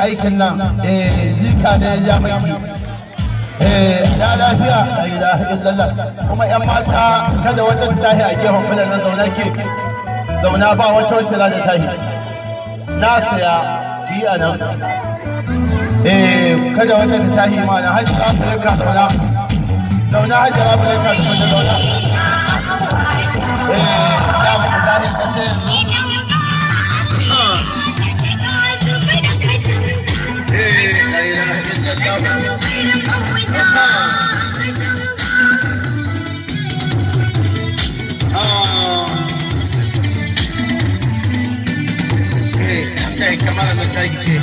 aikin nan zika eh, ne ya mai eh, ya lafiya a yi illallah kuma yan mata kada wata ta tahi a gefen fulani nan zauna ke zauna ba wata wacce za ta tahi na saya bi a nan eh, kada wata ta tahi ma na hajji afirka zauna zauna hajji afirka zauna ಕೈಗೆ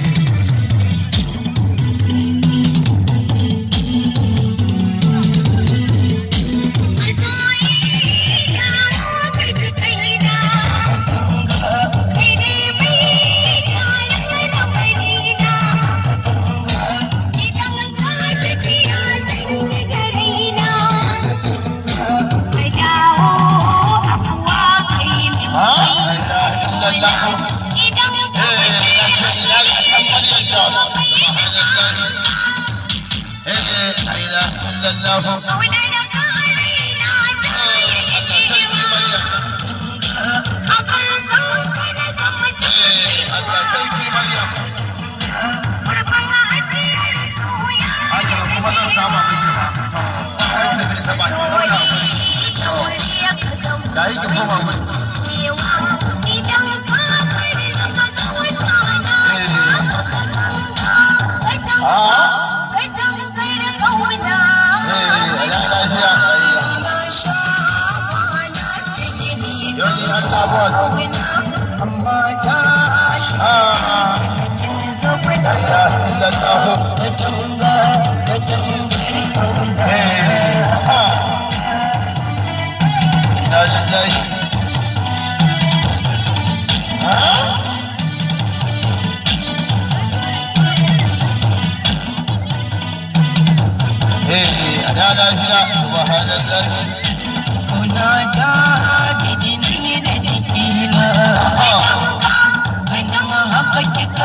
لهم Hey, I got a shot, I had a shot.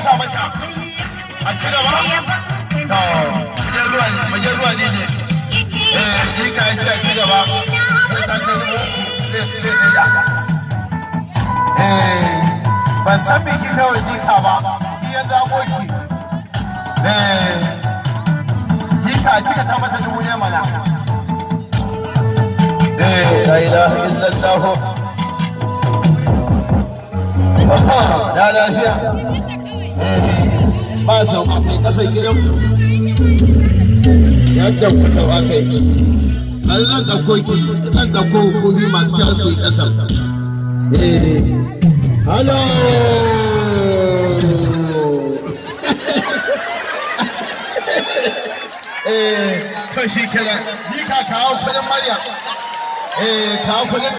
sa mata a ci gaba to muje zuwa muje zuwa ne ne eh ni ka ci a ci gaba eh ban san me ba ni ya eh jika kika ta mata dubu ne mana eh la ilaha illallah ah, lafiya. ba sau a kai ƙasar gidan ya jamfata wa kai an zan ɗauko ki zan ɗauko hukumi masu kyau su yi ƙasar eh. hello eh. to shi kenan yi ka kawo kuɗin maryam eh, kawo kuɗin